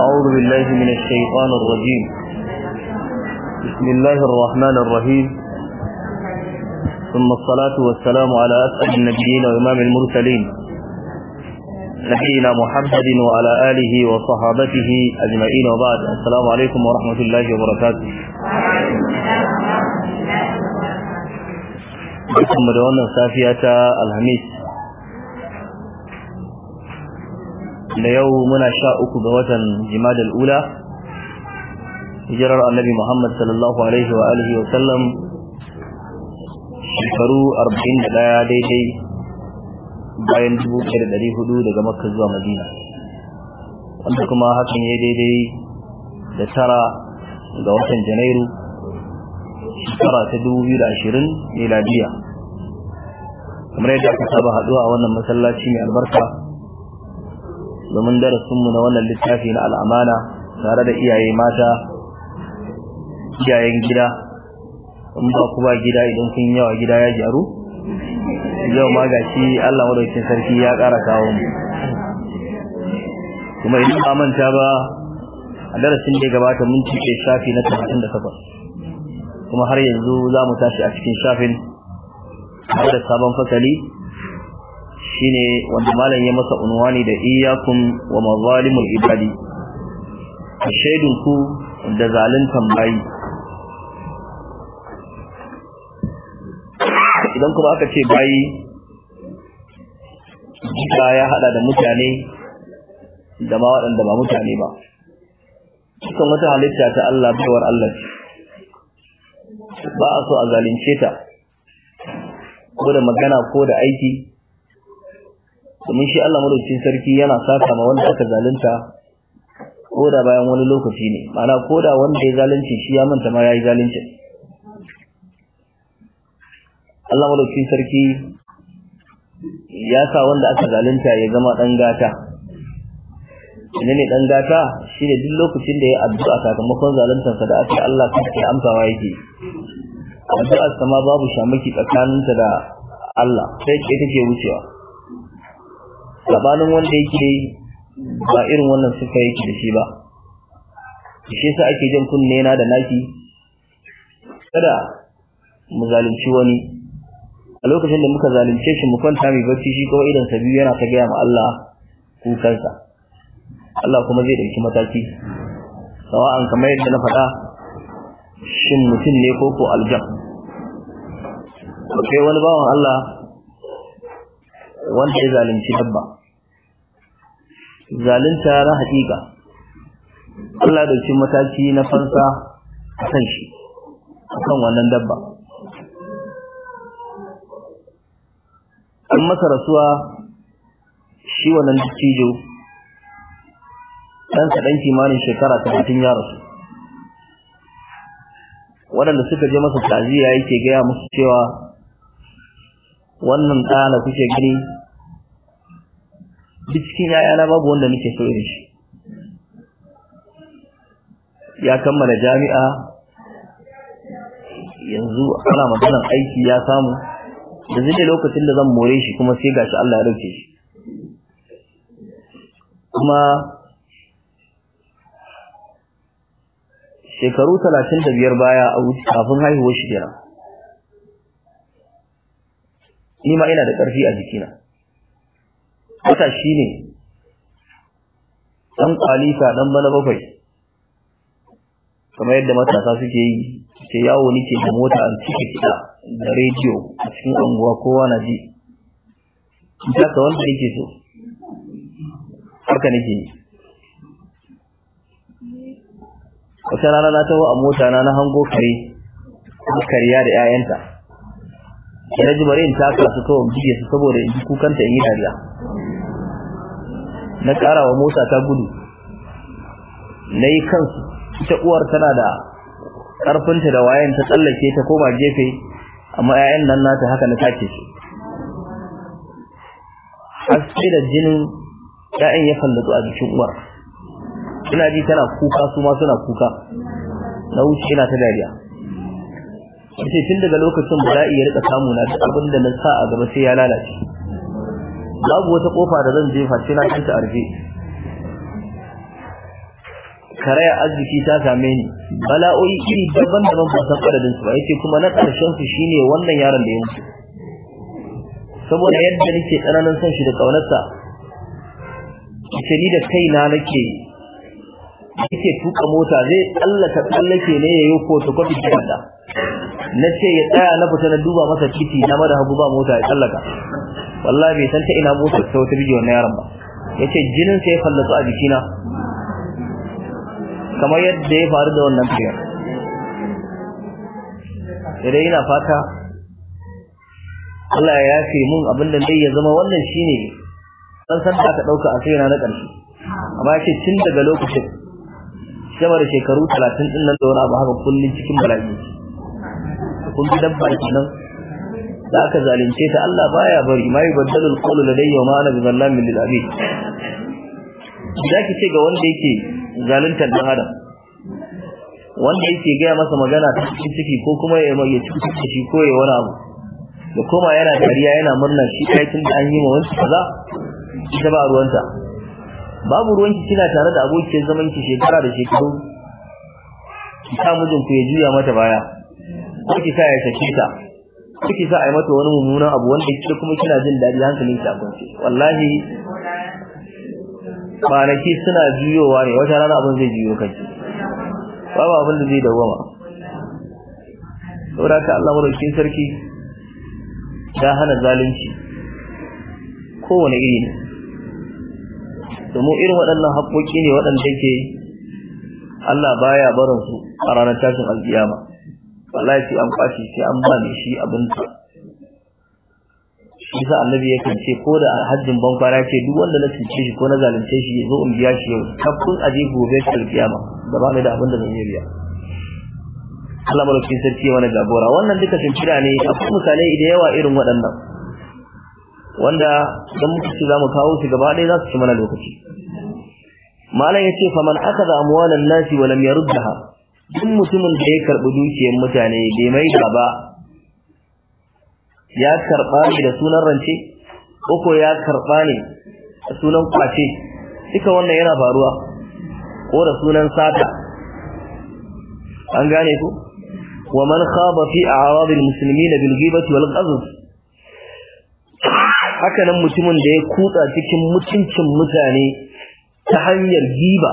أعوذ بالله من الشيطان الرجيم بسم الله الرحمن الرحيم ثم الصلاة والسلام على أسعد النبيين وإمام المرسلين نبينا محمد وعلى آله وصحابته أجمعين وبعد السلام عليكم ورحمة الله وبركاته Barkanmu السلام wannan safiya ta da yau muna sha uku ga watan jimadal ula hijirar annabi muhammad sallallahu alaihi wa alihi wa sallam shekaru arba'in da ɗaya daidai bayan dubu da hudu daga makka zuwa madina wanda kuma hakan ya daidai da tara ga watan janairu shekara ta dubu biyu da ashirin miladiya kamar yadda aka saba haɗuwa a wannan masallaci mai albarka domin darasinmu na wannan littafi na al'amana tare da iyaye mata iyayen gida in ba ku ba gida idan kun yawa gida ya gyaru yau ma shi Allah madaukakin sarki ya kara kawo mu kuma idan ba manta ba a darasin da ya gabata mun cike shafi na da takwas, kuma har yanzu za mu tashi a cikin shafin har da sabon fasali shine wanda malam ya masa unwani da iyakum wa mazalimul ibadi shaidun ku da zaluntan bayi idan kuma aka ce bayi jika ya hada da mutane da ma waɗanda ba mutane ba cikin wata halitta ta Allah baiwar Allah ba a so a zalunce ta ko da magana ko da aiki domin shi Allah madaukakin sarki yana saka ma wanda aka zalunta ko da bayan wani lokaci ne ma'ana ko da wanda ya zalunci shi ya manta ma yayi zalunci Allah madaukakin sarki ya sa wanda aka zalunta ya zama dan gata ne ne dan gata shi ne duk lokacin da ya addu'a sakamakon sa, da aka Allah kake amsawa yake addu'a sama babu shamaki tsakaninta da Allah sai ke ke wucewa labanin wanda yake ba irin wannan suka yake da shi ba shi yasa ake jin kunne na da naki kada mu zalunci wani a lokacin da muka zalunce shi mu kwanta mai bacci shi kawai idan sabi yana ta gaya ma Allah kukansa Allah kuma zai ɗauki mataki sawa'an kamar yadda na faɗa shin mutum ne ko ko aljan kai wani bawan Allah wanda ya zalunci dabba zalunta na haƙiƙa Allah da cin mataki na fansa a kan shi a kan wannan dabba an masa rasuwa shi wannan dattijo ɗan kaɗan kimanin shekara talatin ya rasu waɗanda suka je masa taziya yake gaya musu cewa wannan na kuke gani duk cikin na babu wanda nake so irin shi ya kammala jami'a yanzu ana maganar aiki ya samu da zai lokacin da zan more shi kuma sai gashi Allah ya rufe shi kuma shekaru talatin da biyar baya a kafin haihuwar shi kenan ni ma ina da ƙarfi a jikina wata shi ne ɗan ƙalifa ɗan bana bakwai kamar yadda matasa suke yi ke yawo nike da mota a cikin kiɗa da rediyo a cikin unguwa kowa na ji ita ka wanda yake so haka nake yi wata rana na taho a mota na na hango kare kariya da 'ya'yanta ya ji bari in taka su kawai su saboda in ji kukanta in yi dariya na ƙara wa mota ta gudu na yi kansu ita uwar tana da ƙarfinta da wayan ta tsallake ta koma jefe, amma 'ya'yan nan nata haka na take su haske da jinin 'ya'yan ya fallatu a jikin uwar ina ji tana kuka su ma suna kuka na wuce ina ta dariya yace tun daga lokacin bala'i ya rika samu na duk abin da na sa a gaba sai ya lalace babu wata kofa da zan jefa sai na kanta arje karaya arziki ta same ni bala'o'i iri daban-daban ba san adadin su ba yace kuma na karshen su shine wannan yaron da ya mutu saboda yadda nake tsananin son shi da kaunarsa yace ni da kaina nake yake tuka mota zai tsallaka tsallake ne yayi ko to kwafi da na ce ya tsaya na fita na duba masa titi na mada hagu ba mota ya tsallaka wallahi bai san ta ina mota ta wata bidiyon na yaron ba ya ce jinin sa ya fallasu a jikina kamar yadda ya faru da wannan fiyar idan yana fata Allah ya yafe mun abin da dai ya zama wannan shine san san da aka dauka a kaina na ƙarshe amma ya ce tun daga lokacin sama da shekaru talatin din nan da wani abu haka kullum cikin bala'i kun bi dabba kenan da aka zalunce ta Allah baya bari mai baddalul qawlu ladayya wa ma ana bizallamin lil abid zaki ce ga wanda yake zaluntar dan adam wanda yake gaya masa magana ta ciki ko kuma ya mai ciki ciki ko ya wani abu da kuma yana dariya yana murna shi kai tun da an yi wa wasu kaza ita ba ruwanta babu ruwanki kina tare da abokin zaman ki shekara da shekaru ki ta mijin ku ya juya mata baya ko ki sa ya sake ta ko ki sa ai mata wani mummunan abu wanda kike kuma kina jin dadi hankalin ki a kwance wallahi kwanaki suna juyowa ne wata rana abin zai juyo kanki babu abin da zai dawama saboda ka Allah madaukakin sarki ya hana zalunci kowane iri ne domin irin waɗannan haƙoƙi ne waɗanda yake Allah baya barin su a ranar tashin alƙiyama wallahi sai an kwashi sai an ba ni shi abin ta. shi sa annabi ya ce ko da hajjin ban fara ce duk wanda na cuce shi ko na zalunce shi ya zo in biya shi yau kafin a je gobe kiyama da ba mai da abin da zan yi biya Allah malaukin sarki ya mana jagora wannan duka shimfiɗa ne akwai misalai da yawa irin waɗannan wanda dan muka ce zamu kawo shi gaba ɗaya za su ci mana lokaci malam yace faman akaza amwalan nasi wa lam yaruddaha duk mutumin da ya karɓi dukiyar mutane bai mai ba ya karɓa ne da sunan rance ko ya karɓa ne da sunan kwace duka wannan yana faruwa ko da sunan sata an gane ku wa man khaba fi a'rad al bil ghibati wal ghadab haka nan mutumin da ya kutsa cikin mutuncin mutane ta hanyar giba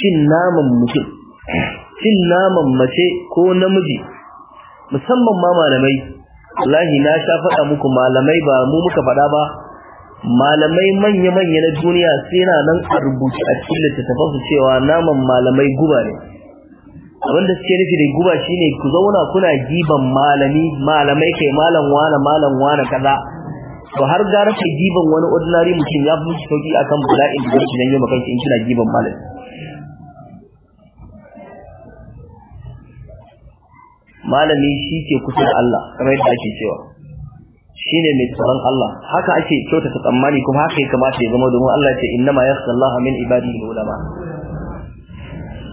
cin naman mutum cin naman mace ko namiji musamman ma malamai wallahi na sha faɗa muku malamai ba mu muka faɗa ba malamai manya-manya na duniya sai na nan a rubuce a cikin littattafan su cewa naman malamai guba ne abin da suke nufi da guba shine ku zauna kuna giban malami malamai kai malam wane malam wane kaza to har gara ka giban wani ordinary mutum ya fi sauki akan bala'in da zai nan yau makanki in kina giban malami malami shi ke kusa da Allah kamar yadda ake cewa shi ne mai tsoron Allah haka ake kyautata tsammani kuma haka ya kamata ya zama domin Allah ce inna ma yakhsha Allah min ibadihi ulama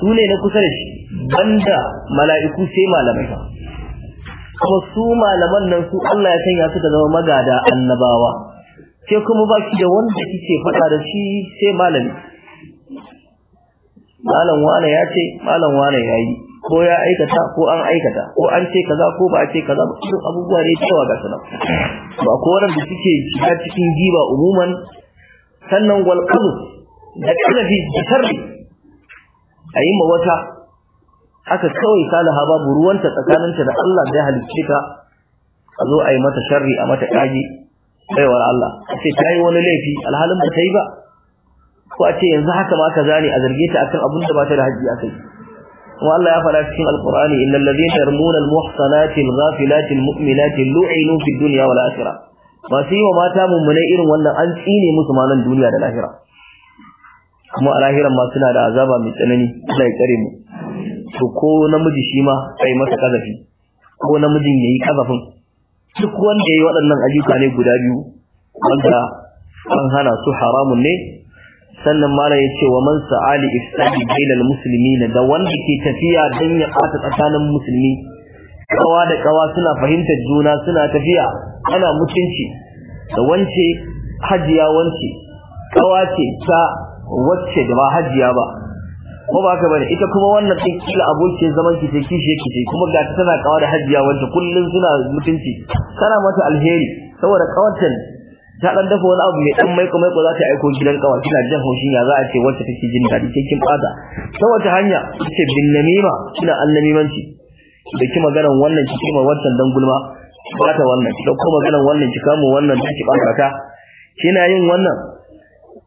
su ne na kusa da shi banda mala'iku sai malamai kuma su malaman nan su Allah ya sanya da zama magada annabawa ke kuma ba ki da wanda kike faɗa da shi sai malami malam wane ya ce malam wane ya yi ko ya aikata ko an aikata ko an ce kaza ko ba a ce kaza ba duk abubuwa ne cewa ga sanan ba ko da suke shiga cikin giba umuman sannan wal da kana da sharri ayi ma wata Aka kawai salaha babu ruwan tsakanin ta da Allah da ya halicce ka a zo a yi mata sharri a mata kage baiwar Allah sai ta yi wani laifi alhalin ba ta yi ba ko a ce yanzu haka ma ka ne a zarge ta akan abin da ba ta da haji a kuma Allah ya faɗa cikin alqur'ani innal ladhina yarmuna almuhsanati alghafilati almu'minati lu'inu fid dunya wal akhirah masu yi wa mata mummune irin wannan an tsine musu malan duniya da lahira kuma a lahiran ma suna da azaba mai tsanani Allah ya tsare mu to ko namiji shi ma sai masa kazafi ko namijin yayi kazafin duk wanda ya yi waɗannan ayyuka ne guda biyu wanda an hana su haramun ne sannan mara ya ce wa man sa'ali ifsadi bainal na? da wanda ke tafiya don ya ɓata tsakanin musulmi kawa da kawa suna fahimtar juna suna tafiya ana mutunci da wance hajiya wance kawa ce ta wacce da ba hajiya ba ko ba ka bane ita kuma wannan ɗin kila aboki zaman ki ce kishi yake ce kuma ga tana kawa da hajiya wance kullum suna mutunci kana mata alheri saboda kawarta ta dan dafa wani abu mai dan maiko maiko za ta aiko gidan kawa kina jin haushin ya za a ce wacce take jin dadi sai kin bada ta wata hanya ce bin namima kina annamimanci da ki maganar wannan ki kima wancan dan gulma bata wannan ki dauko maganar wannan ki kamo wannan ki bata ta kina yin wannan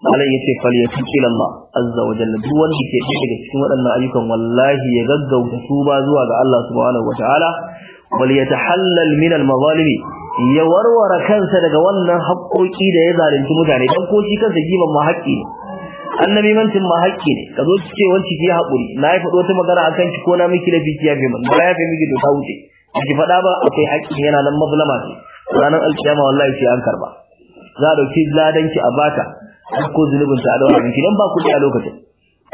Allah ya ce fal yasqil Allah azza wa jalla duk wanda ke daga cikin waɗannan ayyukan wallahi ya gaggauta tuba zuwa ga Allah subhanahu wa ta'ala wal yatahallal min al mazalimi ya warware kansa daga wannan haƙoƙi da ya zalunci mutane dan ko shi kansa giban ma haƙƙi ne annabi mantin ma haƙƙi ne ka zo cike ki haƙuri na yi faɗo ta magana akan ki ko na miki da fiki ya fi ba ya fi miki da ta wuce ki fada ba akwai haƙƙi yana nan mazlama ce ranar alkiyama wallahi sai an karba za a ɗauki ladanki a bata ko zunubin ta a daura kidan ba kuɗi a lokacin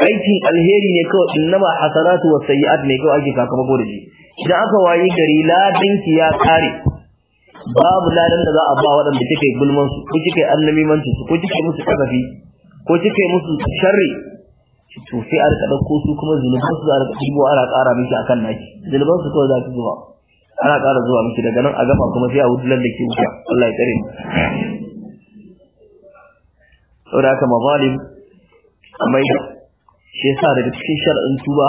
aikin alheri ne kawai innama hasanatu was sayyi'at ne kawai ake sakamako da shi idan aka wayi gari ladanki ya kare babu ladan da za a ba waɗanda kike gulman su ko kike annamimanci su ko kike musu kasafi ko kike musu sharri to sai a rika dauko su kuma zunuban su arka a rika dibo ana ƙara miki akan naki zunuban su kawai za su zuwa ana ƙara zuwa miki daga nan a gama kuma sai a wudulan da ke wuce Allah ya kare mu saboda haka mazalim amma shi yasa daga cikin shar'in tuba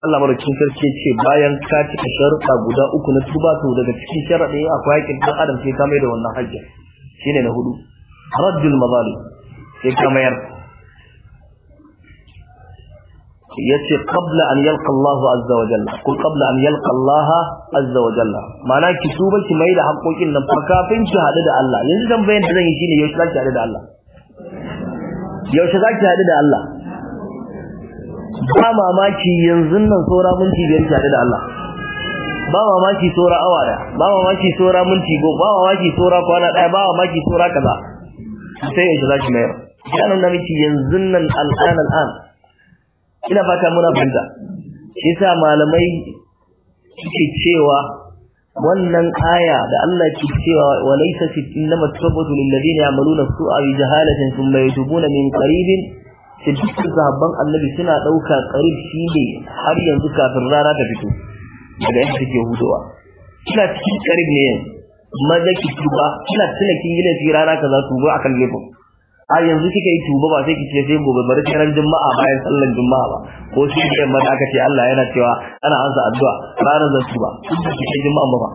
Allah madaukakin sarki ce bayan ka cika sharuɗa guda uku na tuba to daga cikin sharaɗi akwai haƙƙin ɗan adam sai ka mai da wannan hajjin shine na hudu raddul mazalim sai ka mayar yace qabla an yalqa Allahu azza wa jalla kun qabla an yalqa Allah azza wa jalla mana ki tuba ki mai da haƙoƙin nan fa kafin ki haɗu da Allah yanzu dan bayan da zan yi shine yaushe zaki haɗu da Allah yaushe zaki haɗu da Allah ba mamaki yanzu nan saura minti biyar tare da Allah ba mamaki saura awa daya. ba mamaki saura minti go ba mamaki saura kwana daya ba mamaki saura kaza sai ya za ki mayar kana da miki yanzu nan al'an al'an ina fata muna fahimta shi sa malamai suke cewa wannan aya da Allah ke cewa wa laysa fi innama tawbatu lil ladina ya'maluna su'a bi jahalatin thumma yatubuna min qaribin shi dukkan sahabban annabi suna ɗauka ƙarib shi ne har yanzu kafin rana ta fito daga yadda take hudowa Suna cikin ƙarib ne yanzu maza ki tuba suna tuna kin yi laifi rana kaza tuba akan lebo a yanzu kika yi tuba ba sai ki ce sai gobe bari sai ran juma'a bayan sallan juma'a ba ko shi da yamma aka ce Allah yana cewa ana ansa addu'a ranar zan tuba ki ce juma'a ba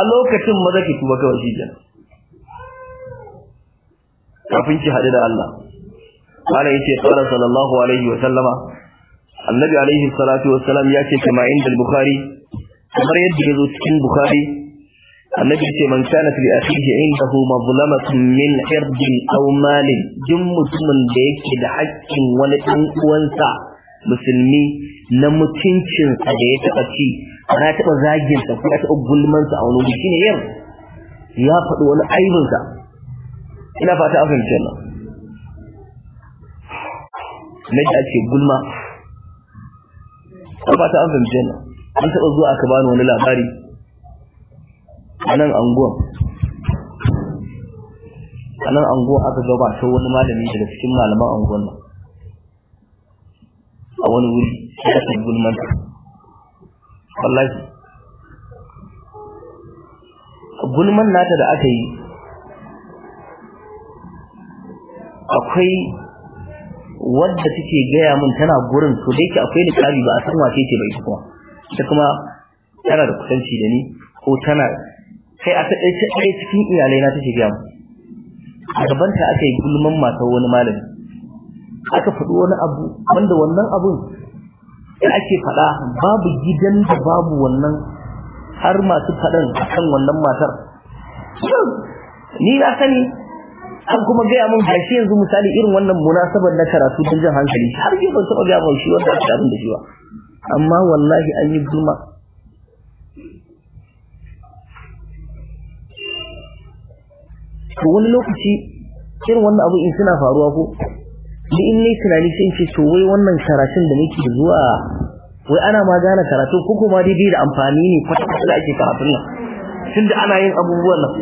a lokacin maza ki tuba kawai shi kenan kafin ki haɗu da Allah malam yace qala sallallahu alaihi wa sallama annabi alaihi salatu wa salam ya ce kama inda al-bukhari kamar yadda yazo cikin bukhari annabi ce man kana fi akhihi indahu mazlamatun min irdin aw malin jin mutumin da yake da haƙƙin wani ɗan uwansa musulmi na mutuncinsa da ya taɓa ci ana taɓa zaginsa ko ya taɓa gulmansa a wani wuri shine ya faɗi wani aibinsa ina fata a fahimci na da ake gulma ta fata an fahimce na an taɓa zuwa aka bani wani labari a nan anguwa a nan anguwa aka gabatar wani malami daga cikin malaman anguwan nan a wani wuri ya ta gulman wallahi gulman nata da aka yi akwai wadda take gaya min tana gurin to da yake akwai niqabi ba a san wace ce bai kuma ta kuma tana da kusanci da ni ko tana kai a taɗai cikin iyalai na take gaya min a gabanta aka yi gulman matar wani malami aka faɗi wani abu wanda wannan abun da ake faɗa babu gidan da babu wannan har masu faɗan akan wannan matar ni na sani an kuma gaya mun har shi yanzu misali irin wannan munasabar na karatu don jan hankali har yi ban taɓa gaya shi wanda aka abin da shi ba amma wallahi an yi gulma to wani lokaci irin wannan abu in suna faruwa ko ni in ni tunani sai in ce to wai wannan karatun da nake zuwa wai ana ma gane karatu ko kuma dai da amfani ne kwata-kwata da ake karatun nan tunda ana yin abubuwan nan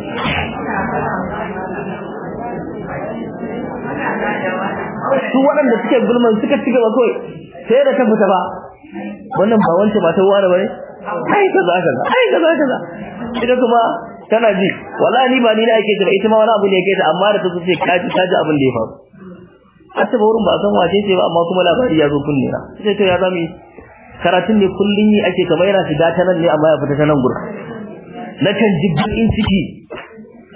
su waɗanda suke gulman suka ci gaba kawai sai da ta fita ba wannan ba wancan ba ta ba bane ai ka za kaza ai ka ka za ita kuma tana ji wallahi ni ba ni na yake ta ita ma wani abu ne yake ta amma da ta ce kaji ji abin da ya faru A ba wurin ba san wace ce ba amma kuma labari ya zo kunne na sai ta ya zami karatun ne kullun yi ake kamar yana shiga ta nan ne amma ya fita ta nan gurka na kan jibbin ciki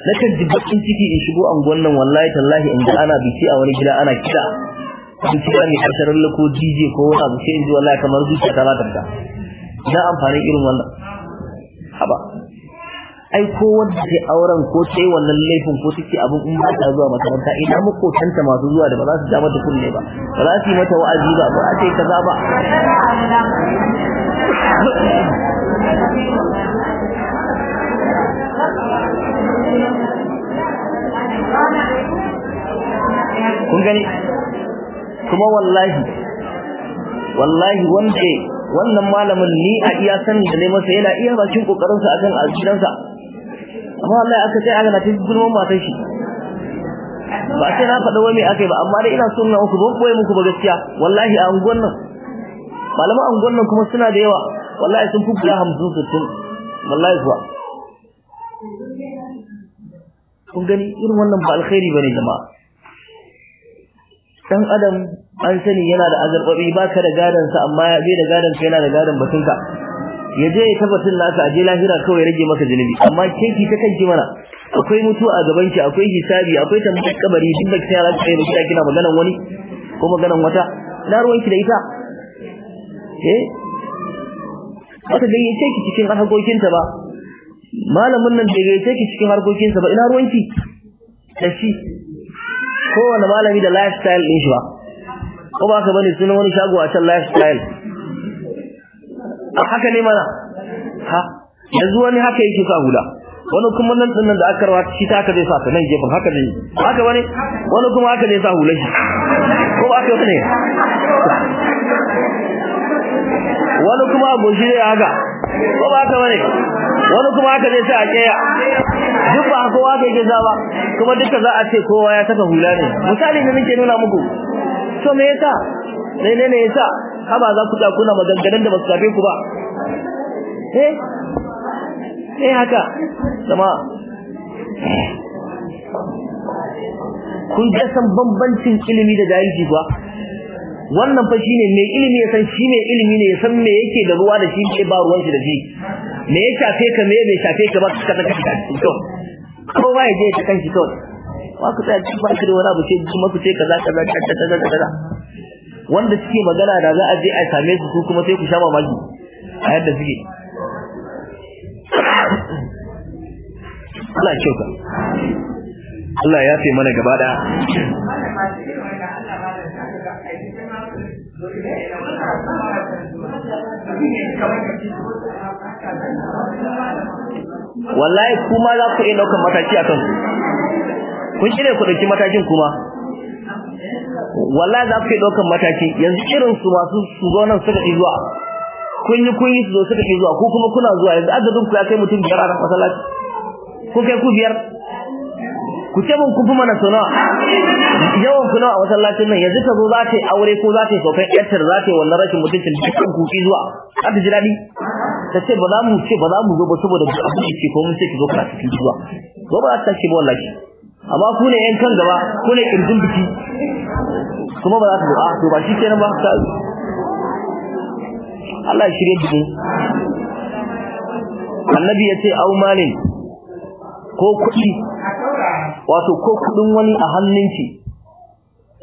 nakan ji bakin ciki in shigo anguwan nan wallahi tallahi in ga ana biki a wani gida ana kida kun ci ne kasharar lako DJ ko wani abu sai in ji wallahi kamar zuciya ta za da ina amfani irin wannan haba ai ko wanda ke auren ko sai wannan laifin ko take abin in ba ta zuwa makaranta ina makotanta masu zuwa da ba za su ja mata kunne ba ba za su yi mata wa'azi ba ba a ce kaza ba kun gani kuma wallahi wallahi wanda wannan malamin ni a iya sanin da ne masa yana iya bakin kokarin sa akan alƙidansa amma wallahi aka sai aka tafi gulman matan shi ba sai na faɗa wani akai ba amma dai ina son na ku ban koyi muku ba gaskiya wallahi a unguwan nan malaman unguwan nan kuma suna da yawa wallahi sun fi guda hamsin sittin wallahi kuwa kun gani irin wannan ba alkhairi bane jama'a dan adam an sani yana da azarbabi baka da gadan sa amma zai da gadan sa yana da gadan batunka ya je ya tabbatin nasa aje lahira kawai rage maka zunubi amma kinki ta kanki mana akwai mutu a gaban ki akwai hisabi akwai tambayar kabari duk da kiyara ta kai da kina magana wani ko magana wata na ruwan ki da ita eh aka dai yace ki cikin harkokin ta ba malamin nan da yace ki cikin harkokin sa ba ina ruwan ki da shi kowane malami da lifestyle din shi ba ko ba ka bane sunan wani shago a can lifestyle haka ne mana ha yanzu wani haka yake sa hula wani kuma nan dinnan da aka rawata shi ta haka zai sa ka nan gefen haka ne haka bane wani kuma haka zai sa hulan shi ko ba haka ne wani kuma shi zai haka ko ba ka bane wani kuma haka zai sa a keya duk ba kowa ke gaza ba kuma duka za a ce kowa ya saka hula ne misali ne nake nuna muku to me yasa dai ne ne yasa ba za ku ta kuna maganganun da ba su ku ba eh eh haka jama'a kun ga san bambancin ilimi da jahilci kuwa wannan fa shine mai ilimi ya san shi ilimi ne ya san me yake da ruwa da shi ke ba ruwan shi da shi me ya shafe ka me bai shafe ka ba ka saka ka cikin to ba ya je ta kanshi to wa ku tsaya ba baki da wani abu sai kuma ku ce kaza kaza kaza kaza wanda suke magana da za a je a same su kuma sai ku sha mamaki a yadda suke Allah ya kyauka Allah ya fi mana gaba da wallahi kuma za ku iya ɗaukar mataki akan, su kun shirya ku ɗauki matakin kuma wallahi za ku iya ɗaukar mataki yanzu irin su masu su zo nan suka zuwa kun yi kun yi su zo suka zuwa ko kuma kuna zuwa yanzu adadin ku ya kai mutum biyar a nan masallaci ko kai ku biyar ku ce mun kufi mana suna yawan kuna a masallacin nan yanzu ta zo za ta yi aure ko za ta yi saukan yartar za ta yi wannan rashin mutuncin dukkan kuki zuwa za ta ji daɗi ta ce ba za mu ce ba za mu zo ba saboda duk abin da ke ko mun ce ki zo ka cikin zuwa ko ba za ta ce ba wallahi amma ku ne yan kan gaba ku ne kirjin biki kuma ba za ta zo a to ba shi kenan ba ta Allah ya shirye dubu annabi ya ce au malin ko kuɗi wato ko kudin wani a hannunki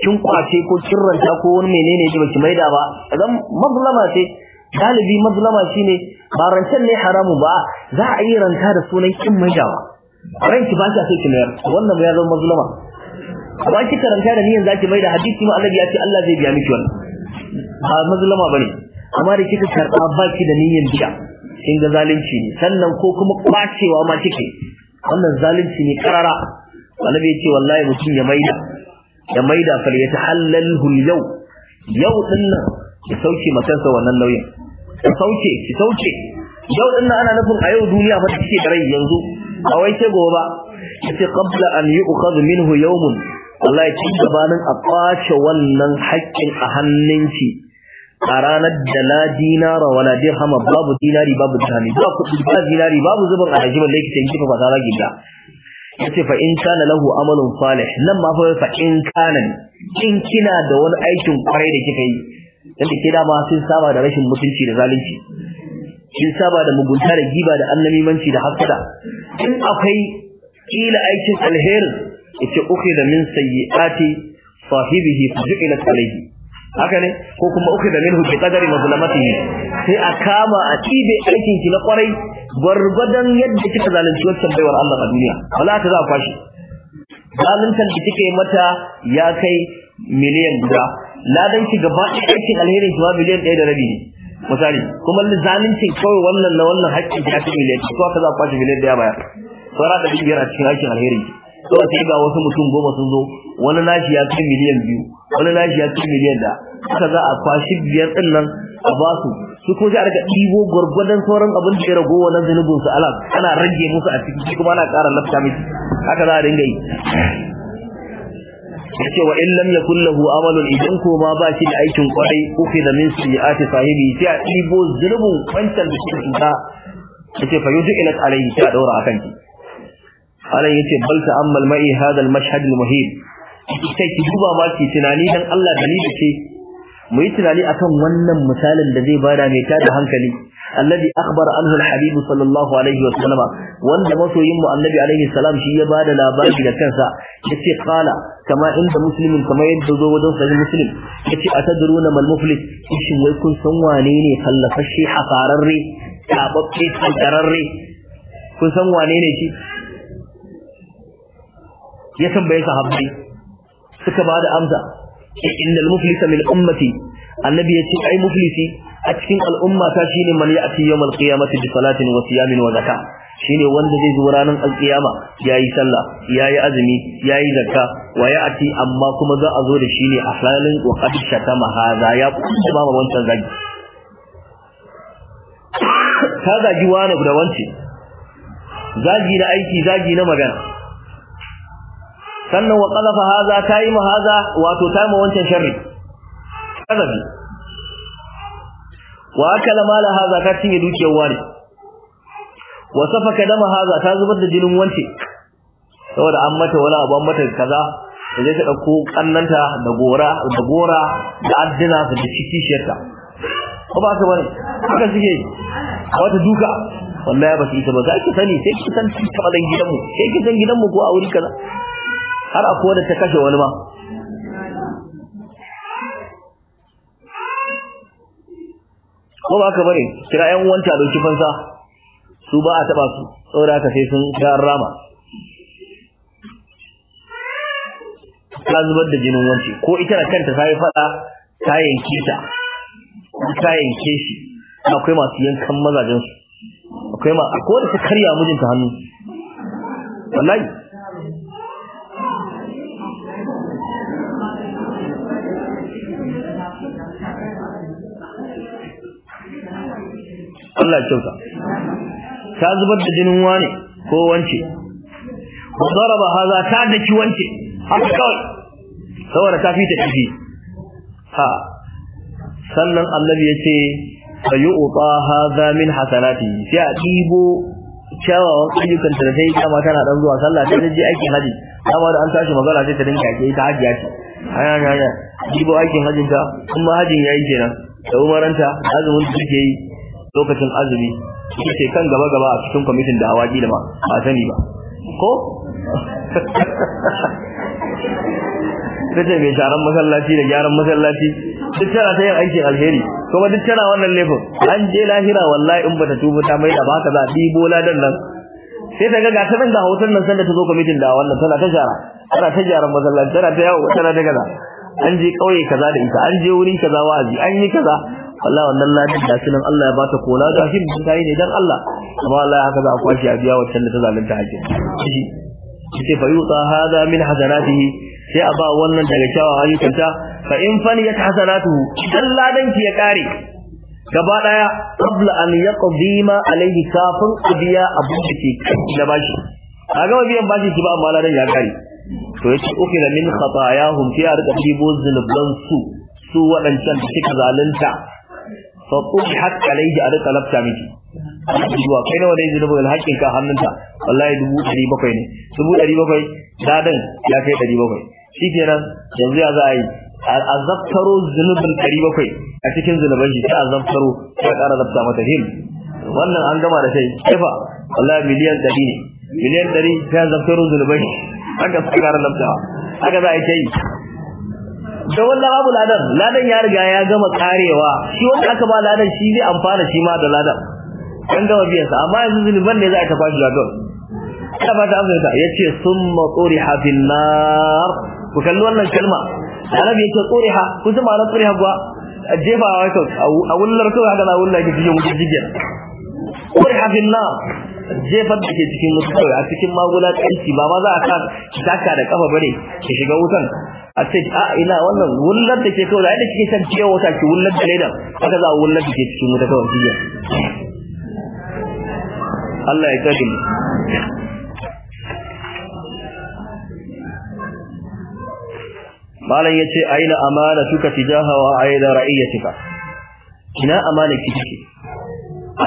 kin kwace ko kin ranta ko wani menene ne baki maida ba idan mazlama ce galibi mazlama shine ba rancen ne haramu ba za a yi ranta da sunan kin maidawa ranki ba ta so mayar wannan ya zama mazlama ba ki ranta da niyan zaki maida hadisi ma Allah ya ce Allah zai biya miki wannan ba mazlama bane amma da kika karba baki da niyyar biya kin ga zalunci ne sannan ko kuma kwacewa ma kike wannan zalunci ne karara annabi ya ce wallahi mutum ya maida ya maida fal ya tahallalhu yau yau din nan ki sauke matarsa wannan nauyin Ya sauke ki sauke yau din nan ana nufin a yau duniya fa take da rai yanzu a wai ce gobe ba yace qabla an yu'khadh minhu yawmun Allah ya ci gabanin a kwace wannan haƙƙin a hannunki a ranar da la dinara wala dirhama babu dinari babu dirhami ba kuɗi ba dinari babu zuban alhaji balle ki tanki fa ba ta rage yace fa in kana lahu amalun salih nan ma fa fa in kana in kina da wani aikin kwarai da kika yi dan da ma sun saba da rashin mutunci da zalunci sun saba da mugunta da giba da annamimanci da hasada in akwai kila aikin alheri yace da min sayyiati sahibihi fujila alayhi haka ne ko kuma ukhida minhu bi qadari mazlamatihi sai a kama a tibe aikin ki na kwarai gwargwadon yadda kika zalunci wannan baiwar Allah a duniya wala ta za a kwashi zaluntar da kike mata ya kai miliyan guda ladan ki gaba ɗaya aikin alherin ki ma miliyan ɗaya da rabi ne misali kuma zalunci kawai wannan na wannan haƙƙin ki aka miliyan ko ka za a kwashi miliyan ɗaya baya saura da biyar a cikin aikin alherin ki kawai sai ga wasu mutum goma sun zo wani nashi ya kai miliyan biyu wani nashi ya kai miliyan da haka za a kwashi biyar ɗin nan a basu su kuma sai a ɗibo gwargwadon sauran abin da ya rago wannan zunubin su alam ana rage musu a ciki kuma ana ƙara lafta miki haka za a dinga yi yace wa in lam yakul lahu amalun idan ko ma ba shi da aikin kwarai uku da min sayyiati sahibi sai a ɗibo zunubin wancan da shi da yace fa yudu ila alayhi ta daura akan ki alayhi yace bal ta'ammal ma'i hadha mashhad al-muhim sai ki duba ma ki tunani dan Allah dalili ce mu yi tunani akan wannan misalin da zai bada mai tada hankali alladhi akhbara anhu al-habib sallallahu alaihi wa sallama wanda masoyin mu annabi alaihi salam shi ya bada labari da kansa yace qala kama inda muslimin kama yadda zo wajen sahih muslim yace atadruna mal muflis shin wai kun san wane ne fallafashi hasararre tababbe tsantararre kun san wane ne shi ya tambaye sahabbai suka bada amsa innal muflisa min ummati annabi yace ai muflisi a cikin al'umma ta shine man ya'ti yawmal qiyamati bi salatin wa siyamin wa zakat shine wanda zai zo ranar alkiyama yayi sallah yayi azumi yayi zakka wa ya'ti amma kuma za a zo da shi ne a halin wa qad shatama hadha ya kuma ba wancan zagi ka zagi wani da wance zagi na aiki zagi na magana sannan wa qadafa haza tayi mu haza wato tayi mu wancan sharri kadabi wa akala mala haza ta cinye dukiyar wani wa safaka dama haza ta zubar da jinin wance saboda an mata wani abu an mata kaza da zai ta dauko kannanta da gora da gora da addina da ciki shiyarta ko ba ka bane haka suke a wata duka wallahi ba su ita ba za ki sani sai ki san tabalan gidanmu sai ki san gidanmu ko a wuri kaza har a wanda ta kashe wani ba, ko ba ka bari kira ‘yan wanta dauki fansa su ba a taba su tsora haka sai sun ga rama ta zubar da jinin wance ko ita da kanta ta yi fada ta yanke ta ta yanke shi akwai masu yankan mazajen su akwai ma akwai wanda ta karya mijinta hannu wallahi Allah kyauta ta zubar da jinin wane ko wance ko zaraba haza ta daki wance haka kawai saboda ta fita kifi ha sannan annabi yace fayu'ta haza min hasanati sai a dibo kyawawan ayyukan ta da sai kama tana dan zuwa sallah ta je aikin haji amma da an tashi magana sai ta dinga ake ta ya ce aya aya dibo aikin hajin ta kuma hajin yayi kenan da umaranta azumin da take yi lokacin azumi shi ke kan gaba gaba a cikin kwamitin da awaji da ma ba sani ba ko ta mai sharan masallaci da gyaran masallaci duk tana ta yin aikin alheri kuma duk tana wannan laifin an je lahira wallahi in bata tuba ta mai da ba ka za ɗibo ladan nan sai ta ga ta nan da hoton nan sanda ta zo kwamitin da wannan tana ta shara tana ta gyaran masallaci tana ta yawo tana ta kaza an je ƙauye kaza da ita an je wuri kaza wa'azi an yi kaza wallahi wannan ladin da sunan Allah ya bata kola da shi mun kai ne dan Allah amma wallahi haka za a kwashi a biya wacce da ta zalunta hakin shi fa yuta hada min hasanatihi sai a ba wannan daga kyawawan ayyukanta fa in faniyat hasanatuhu dan ladan ki ya kare gaba daya qabla an yaqdi ma alayhi kafin abiya abu da ke da bashi kaga biyan bashi ki ba amma ladan ya kare to yace ukila min khatayahum fi arqabibu zulublan su su wadancan da suka zalunta fa tuhat alayhi a rika lafta miki zuwa kai nawa ne zunubul haƙin ka hannunta wallahi dubu ɗari bakwai ne dubu ɗari bakwai dadan ya kai ɗari bakwai shi kenan yanzu ya za a yi a zaftaro zunubin ɗari bakwai a cikin zunuban shi sai a zaftaro sai a ƙara zafta mata him wannan an gama da kai kefa wallahi miliyan ɗari ne miliyan ɗari sai a zaftaro zunuban shi an da suka ƙara zaftawa haka za a yi ta yi da wannan abu ladan ladan ya riga ya gama karewa shi wanda aka ba ladan shi zai amfana shi ma da ladan an gama biyan sa amma yanzu zunuban ne za a tafi ladan ta ba ta amsa yace summa turiha fil nar ku kallon wannan kalma annabi yake turiha ku ji ma'anar turiha a jefa wa to a wullar to haka na wullar ki cikin mutum jigen turiha fil nar jefa da ke cikin mutum a cikin magula tsanci ba ma za a ka daka da kafa bare ki shiga wutan a ce a ah, ina wannan wullar da ke kawai da ke san ciwo wata ki wullar da leda aka za a wullar da ke cikin wuta kawai jiya Allah ya kadi malam yace aina amana a yi wa aina ra'iyatika ina amana kike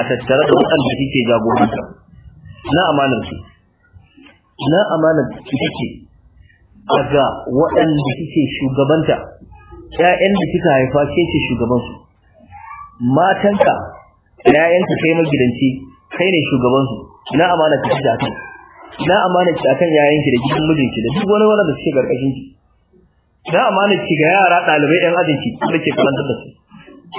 a tattare da wanda kike jagoranta ina amanar ki ina ki kike daga waɗanda kike shugabanta ƴaƴan da kika haifa ke ce shugabansu matanka ƴaƴanka kai magidanci kai ne shugabansu ina amana ka da kai ina amana ki akan yayanki da gidan mijinki da duk wani wanda suke garkashin ki ina amana ki ga yara ɗalibai ɗan ajinki da ke karanta da su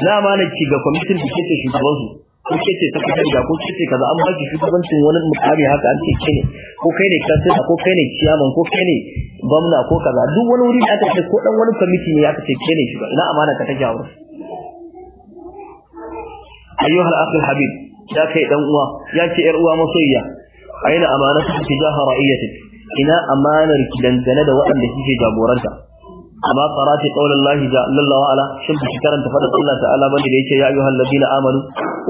ina amana ki ga kwamitin da ce shugabansu ko ce ce sakatari da ko ce ce kaza an baki shugabancin wani mukami haka an ce ne ko kai ne kansila ko kai ne ciyaman ko kai ne gwamna ko kaza duk wani wuri da aka ce ko dan wani kwamiti ne aka ce ke ne shugaba ina amana ka ta jawo ayyuhal akhul habib ya kai dan uwa ya ce yar uwa masoyiya aina amanatu jaha ra'iyatik ina amanar ki dangane da waɗanda kike jagoranta amma qarati qawlan Allah jalla wa ala shin bi karanta fadar Allah ta'ala bane da yake ya ayyuhal ladina amanu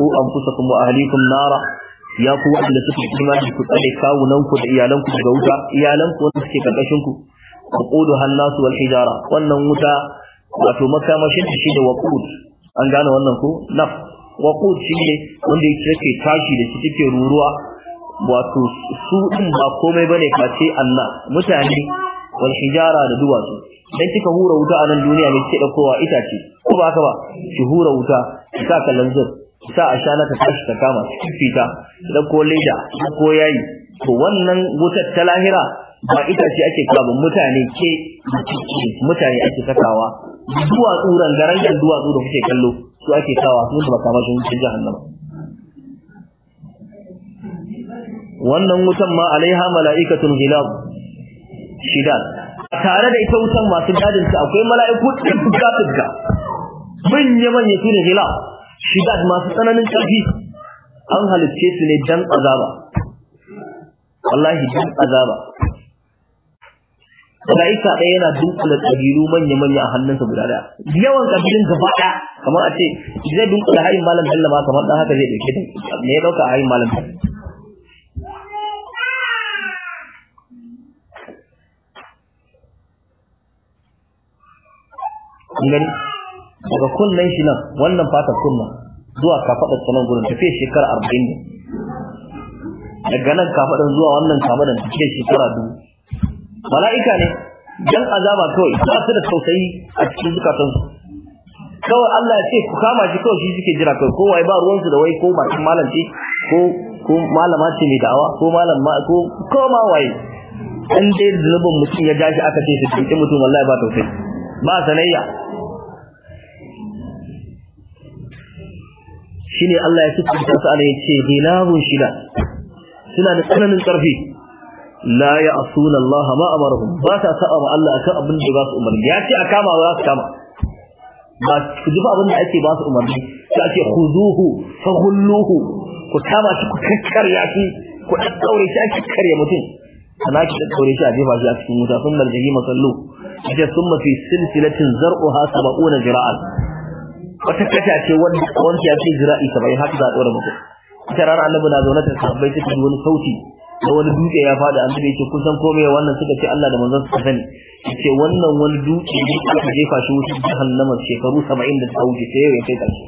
u anfusakum wa ahlikum nara ya ku wanda suke imani ku tsare kawunan ku da iyalan ku daga wuta iyalan ku wanda suke karkashin ku waqudu hannasu wal hijara wannan wuta wato makamashin shi da waqud an gane wannan ko naf waqud shi ne wanda yake tashi da shi take ruruwa wato su din ba komai bane face Allah mutane wal hijara da duwatsu dan kika hura wuta a nan duniya ne kike ita itace ko ba haka ba ki hura wuta ki sa kallon zur ki sa ashana ta tashi ta kama ki fita ki Ko leda ko yayi to wannan wutar ta lahira ba itace ake kawo mutane ke mutane ake sakawa zuwa tsuran da duwa da kuke kallo su ake kawa su da makamashin cikin jahannama wannan wutan ma alaiha mala'ikatun ghilab shidan tare da ita wutan masu gadin akwai mala'iku tsifka tsifka manya manya su ne hilal shidad masu tsananin ƙarfi an halicce su ne dan azaba wallahi dan azaba mala'ika ɗaya yana dunkula ƙabilu manya manya a hannunsa guda ɗaya yawan ƙabilun gaba ɗaya kamar a ce zai dunkula hayin malam dalla ma kamar ɗan haka zai ɗauke da me ya ɗauka a hayin malam dalla an gani daga kunnen shi nan wannan fatar kunna zuwa kafadar sanan gurin tafiya shekara arba'in ne daga nan kafadar zuwa wannan kafadar tafiya shekara dubu mala'ika ne don azaba kawai ba su da tausayi a cikin zukatansu kawai Allah ya ce ku kama shi kawai shi suke jira kawai kowa ba ruwansu da wai ko bakin malam ce ko ko malama ce mai da'awa ko malam ma ko ko ma waye an dai zunubin mutum ya shi aka ce shi mutum wallahi ba tausayi ba sanayya shine Allah ya siffanta su ana yace ghilabun shida suna da tsananin karfi la ya ya'suna Allah ma amarahum ba ta sa'a ma Allah akan abin da ba su umarni ya ce a kama ba za su kama ba su ji abin da ake ba su umarni ta ake khuzuhu fa hulluhu ku kama shi ku kakkarya shi ku daddaure shi ake karya mutum ana ki daddaure shi a jefa shi a cikin wuta sun marjahi masallu aje summa fi silsilatin zar'uha 70 jira'an wata kasha ce wanda wanki ya ce zira'i saba'in haka za a ɗora mutum ita rana annabi na zaune ta sahabbai suka ji wani sauti da wani dutse ya faɗi annabi yake kun san komai wannan suka ce Allah da manzon sa sani yace wannan wani dutse ne aka jefa shi wutar jahannama shekaru 70 da ta wuce sai ya kai karshe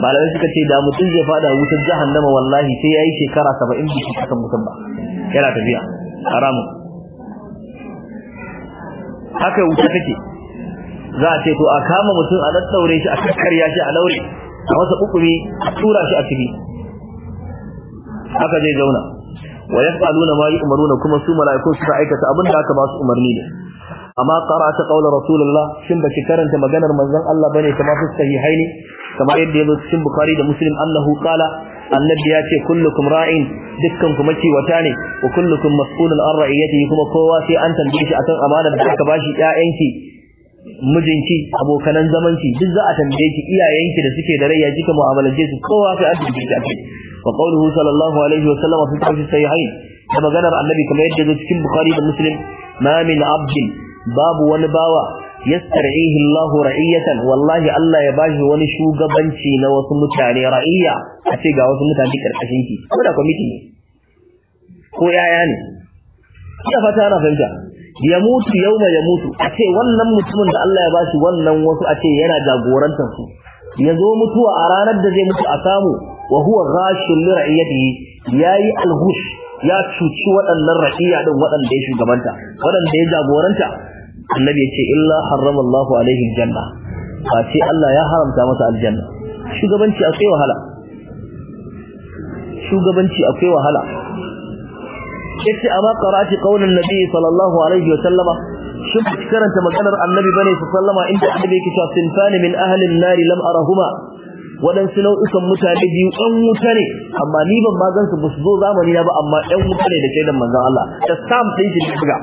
malamai suka ce da mutum zai faɗa wutar jahannama wallahi sai yayi shekara 70 da kasan mutum ba yana tafiya haramun haka wuta take za a ce to a kama mutum a daddaure shi a karya shi a laure a masa ukumi a tura shi a cibi haka zai zauna wa yaf'aluna ma yu'maruna kuma su mala'iku su aikata abin da aka ba su umarni ne amma qara'ata qawla rasulullah shin baki karanta maganar manzon Allah bane kama fi sahihaini kamar yadda yazo cikin bukhari da muslim annahu qala annabi ya ce kullukum ra'in dukkan ku makiwata ne wa kullukum mas'ulun an ra'iyatihi kuma kowa sai an tambaye shi akan amanar da aka bashi ƴaƴanki mijinki abokanan zamanki duk za a tambaye ki iyayenki da suke da rai ya kika mu'amalance su kowa sai an tambaye ki akai wa qawluhu sallallahu alaihi wa sallam fi tawfi sahihain da maganar annabi kamar yadda yake cikin bukhari da muslim ma min abdin babu wani bawa yastar'ihi Allah ra'iyatan wallahi Allah ya bashi wani shugabanci na wasu mutane ra'iya a ce ga wasu mutane karkashin ki ko da committee ko yaya ne ya fata na fahimta ya mutu yauma ya mutu a ce wannan mutumin da Allah ya bashi wannan wasu a ce yana jagorantar su ya zo mutuwa a ranar da zai mutu a samu wa huwa ghashun li ya yi alhush ya cuci waɗannan ra'iya ɗin waɗanda ya shugabanta waɗanda ya jagoranta annabi ya ce illa harrama Allahu alaihi janna ba ce Allah ya haramta masa aljanna shugabanci akwai wahala shugabanci akwai wahala yace amma qara'ati qaulan nabi sallallahu alaihi wa sallama shin karanta maganar annabi bane sallama inda annabi yake cewa sinfani min ahli an-nar lam arahuma waɗansu nau'ukan mutane biyu ɗan wuta ne amma ni ban ma gansu ba su zo zamani na ba amma ɗan wuta ne da shaidan manzon Allah da sam ɗin shi buga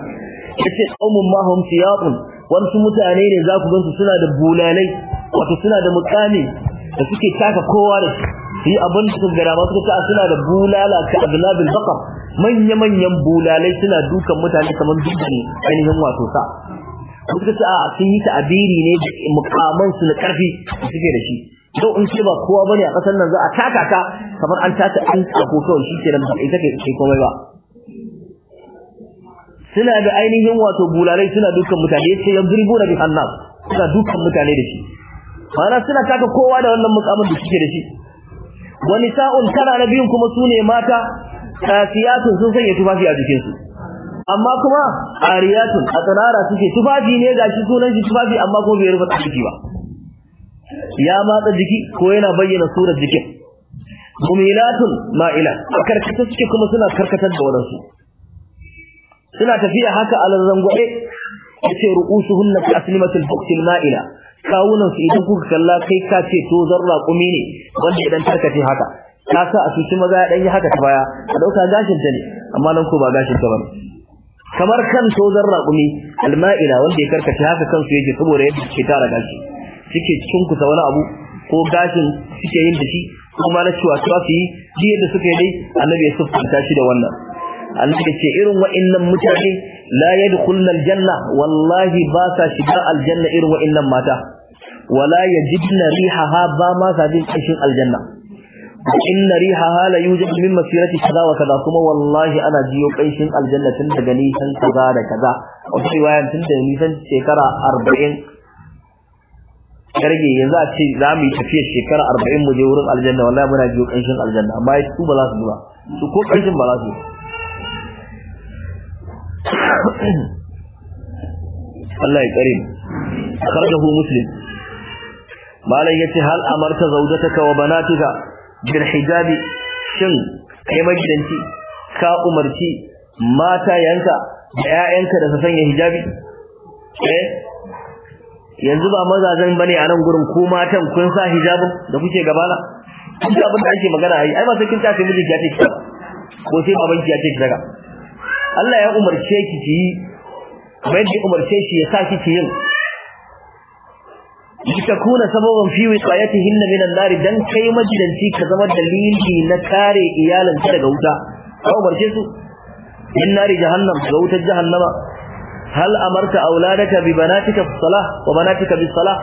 yace qaumun ma hum siyaqun wasu mutane ne za ku gansu suna da bulalai wato suna da mukami da suke taka kowa da shi yi abin da suka gada masu kace suna da bulala ka aglabil baqar manya manyan bulalai suna dukan mutane kamar dukkan ainihin wato sa suka ce a sun yi ta'abiri ne mukaman su na karfi suke da shi to in ce ba kowa bane a kasar nan za a taka ka kamar an taka an tsako kawai shi nan ba ita kai komai ba suna da ainihin wato bulalai suna dukan mutane yace na bi hannas suna dukan mutane da shi ma'ana suna taka kowa da wannan mukamin da suke da shi wani sa'un kara na biyun kuma su ne mata kasiyatun sun sanya tufafi a jikinsu amma kuma ariyatun a tsanara suke tufafi ne ga shi sunan shi tufafi amma kuma bai rufa jiki ba ya matsa jiki ko yana bayyana surar jikin mumilatun ma'ila karkata suke kuma suna karkatar da wadansu suna tafiya haka a ce yace ru'usuhunna fi aslimatil buqtil ma'ila kawunan su idan kuka kalla kai ka ce to zan raƙumi ne wanda idan tarkace haka ka sa a cuci maza ya yi haka ta baya a dauka gashin ta ne amma nan ko ba gashin ta ba kamar kan to zan raƙumi alma'ila wanda ya karkace haka kansu yake saboda yadda suke tara gashi suke cinkusa wani abu ko gashin suke yin da shi kuma na cewa su yi ji yadda suka yi dai annabi ya siffanta shi da wannan annabi ce irin wa'annan mutane la yadkhulul janna wallahi ba sa shiga aljanna irin wa'annan mata wala yajidna rihaha ba ma sa jin kashin aljanna inna rihaha la yujad min masirati kaza wa kaza kuma wallahi ana jiyo kaishin aljanna tun daga nisan kaza da kaza wata riwayan tun daga nisan shekara 40 karge yanzu a ce za mu yi tafiyar shekara 40 mu je wurin aljanna wallahi muna jiyo kaishin aljanna amma su ba za su ba su ko kaishin ba za su Allah ya kare mu akhrajahu muslim malai yace hal amarta zawjataka wa banatika bil hijabi shin kai magidanci ka umarci mata yanka da ƴaƴanka da su sanya hijabi eh yanzu ba mazajen bane a nan gurin ko matan kun sa hijabin da kuke gabana duk abin da ake magana ai ai ba sai kin tafi miji ya ce ko sai babanki ya ce ki daga Allah ya umarce ki ki yi kamar yadda ya umarce shi ya sa ki ki yin litakuna sababan fi wiqayatihinna min an-nar dan kai majidanci ka zama dalili na kare iyalanka daga wuta ka umarce su min nari jahannam ga wutar jahannama hal amarta auladaka bi banatika bis-salah wa banatika bis-salah